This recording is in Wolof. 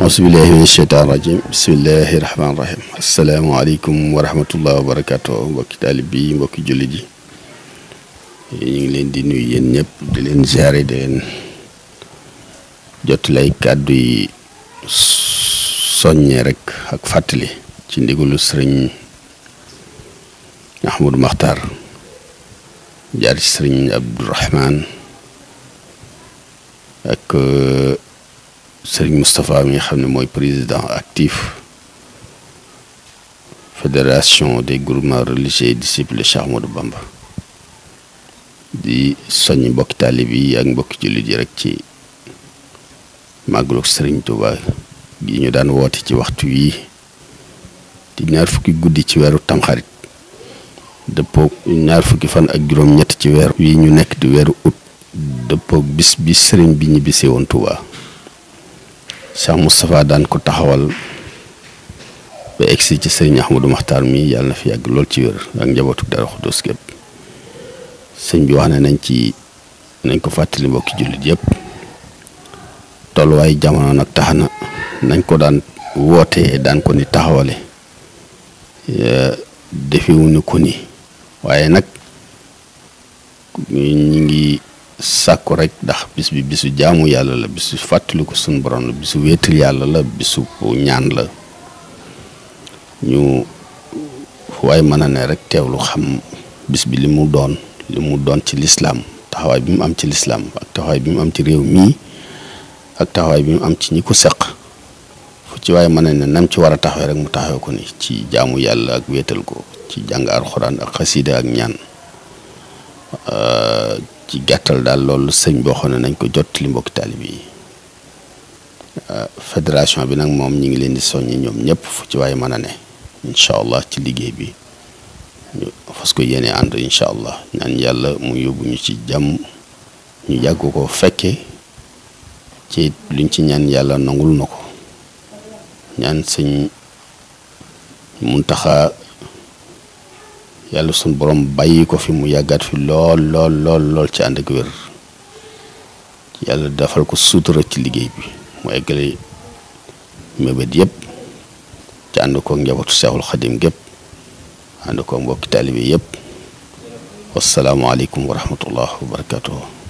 ausubillahi min cheytaan rajim bismillahi rahmaan rahim asalaamaaleykum wa rahmatullah wa barakaatu mbokki taalib bi mbokki jullit yi ñu ngi leen di nuyu yéen ñëpp di leen ziare di leen jot lay kàddu yi rek ak fàttali ci ndigalu sëriñ Ahmadou Maxtar jaar ci sëriñ ak euh, sëriñ Moustapha mi nga xam ne mooy président actif fédération des groupement religieux et disciples Cheikh Ahmadou Bamba di soññ mbokki taalib yi ak mbokki jullit yi rek ci màggalu sëriñ Touba gi ñu daan woote ci waxtu wii di ñaar fukki guddi ci weeru tamxarit dëppoo ñaar fukki fan ak juróom-ñett ci weer wi ñu nekk di weeru août dëppoog bis bi sëriñ bi ñibbisee woon Touba Cheikh Moustapha daan ko taxawal ba egsi ci sëriñ Ahmadou Maxtaar mi yàlla na fi yàgg lool ci wér ak njabootu Daaru Xudoos gépp sëñ bi wax ne nañ ci nañ ko fàttali mbokki jullit yëpp tolluwaay jamono nag tax na nañ ko daan wootee daan ko ni taxawale defewuñu ko ni waaye nag ñu ngi sàkku rek ndax bis bi bisu jaamu yàlla la bisu fàttaliku suñu borom la bisu wéetal yàlla la bisu ñaan la ñu waaye mën a ne rek teewlu xam bis bi li mu doon li mu doon ci lislaam taxawaay bi mu am ci lislaam ak bi mu am ci réew mii ak taxawaay bi mu am ci ñi ko seq fu ci waaye mën a ne nam ci war a taxawee rek mu taxawee ko ni ci jaamu yàlla ak wéetal ko ci jàng alxuraan ak xasida ak ñaan ci gàttal daal loolu sëñ boo xam ne nañ ko jot li mbokki bi yi euh, bi nag moom ñi ngi leen di soññi ñoom ñëpp fu ci waaye mën a ne incha allah ci liggéey bi ñu fas ko yéene ànd incha allah ñaan yàlla mu yóbbu ñu ci jàmm ñu yàgg ko fekke ci luñ ci ñaan yàlla nangul na ko ñaan sëñ Muntaxa yàlla suñ borom bàyyi ko fi mu yàggat fi lool lool lool lool ci ànd ak wér yàlla defal ko suutura ci liggéey bi mu eggale mébét yëpp ci ànd koog njabootu seexul xadim gépp ànd koog mbokki taalibe yëpp wasalaamualeykum wa rahmatullah wa